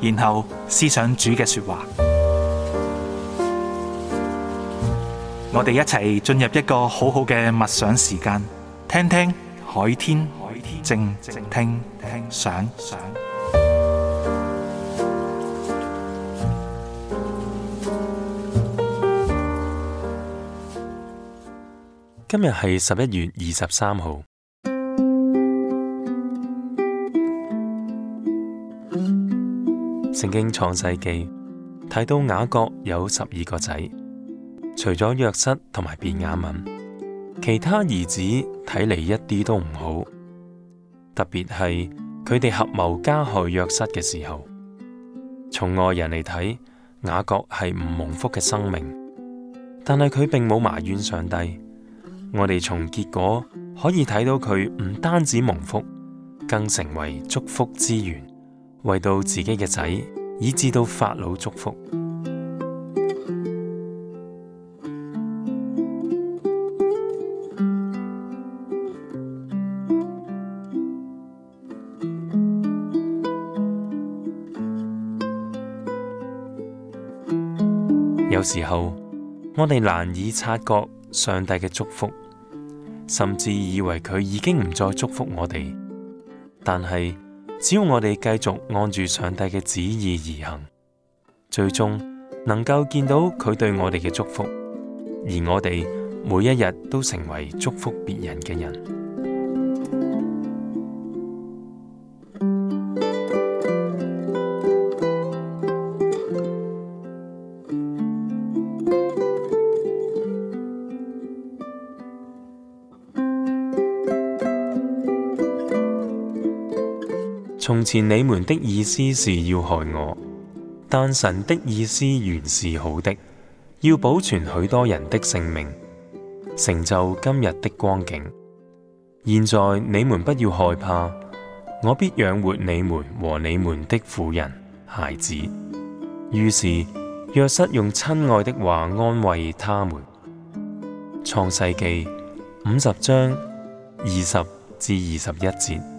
然後思想主嘅說話，我哋一齊進入一個好好嘅默想時間，聽聽海天靜靜聽想。今日係十一月二十三號。聖經創世記睇到，雅各有十二個仔，除咗約瑟同埋便雅憫，其他兒子睇嚟一啲都唔好，特別係佢哋合謀加害約瑟嘅時候。從外人嚟睇，雅各係唔蒙福嘅生命，但係佢並冇埋怨上帝。我哋從結果可以睇到佢唔單止蒙福，更成為祝福之源。為到自己嘅仔，以至到法老祝福。有時候我哋難以察覺上帝嘅祝福，甚至以為佢已經唔再祝福我哋，但係，只要我哋繼續按住上帝嘅旨意而行，最終能夠見到佢對我哋嘅祝福，而我哋每一日都成為祝福別人嘅人。從前你們的意思是要害我，但神的意思原是好的，要保存許多人的性命，成就今日的光景。現在你們不要害怕，我必養活你們和你們的婦人、孩子。於是約瑟用親愛的話安慰他們。創世記五十章二十至二十一節。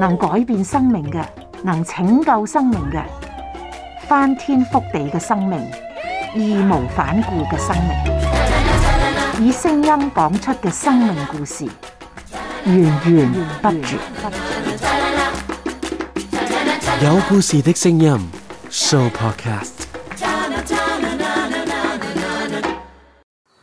能改變生命嘅，能拯救生命嘅，翻天覆地嘅生命，義無反顧嘅生命，以聲音講出嘅生命故事，源源不絕。有故事的聲音，Sooo Podcast。